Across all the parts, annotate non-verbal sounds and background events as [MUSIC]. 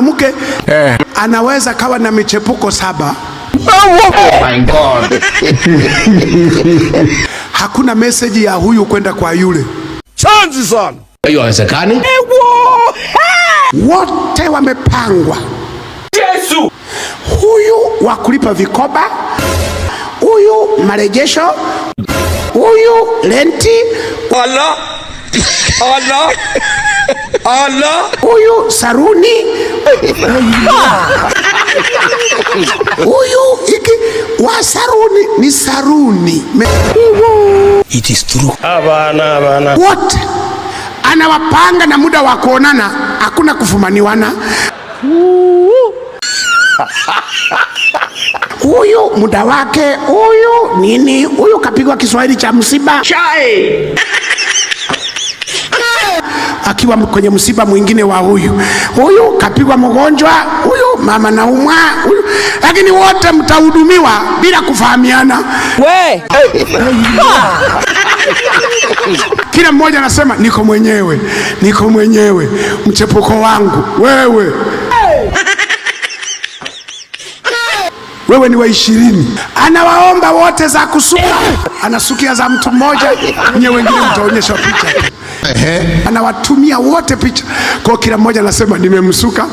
mwanamke eh, anaweza kawa na michepuko saba. Oh my God. [LAUGHS] Hakuna meseji ya huyu kwenda kwa yule, chanzi sana hiyo, haiwezekani. Wote wamepangwa, Yesu huyu wa kulipa vikoba, huyu marejesho, huyu renti, Allah. Allah. Allah. huyu saruni Huyu iki wa saruni ni saruni. It is true. Abana, abana. What? Anawapanga na muda wa kuonana, hakuna kufumaniwana. Huyu muda wake, huyu nini, huyu kapigwa Kiswahili cha msiba chai akiwa kwenye msiba mwingine wa huyu huyu, kapigwa mgonjwa huyu, mama naumwa huyu, lakini wote mtahudumiwa bila kufahamiana we [LAUGHS] Kila mmoja anasema niko mwenyewe, niko mwenyewe, mchepuko wangu. Wewe [LAUGHS] wewe ni wa ishirini, anawaomba wote za kusuka, anasukia za mtu mmoja, nyewe wengine mtaonyesha picha. Ehe. Anawatumia wote picha kwa kila mmoja anasema nimemsuka,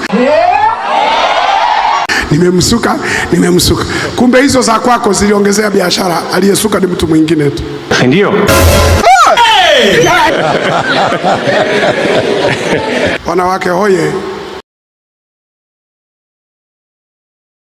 nimemsuka, nimemsuka. Kumbe hizo za kwako ziliongezea biashara, aliyesuka ni mtu mwingine tu, ndio [LAUGHS] wanawake hoye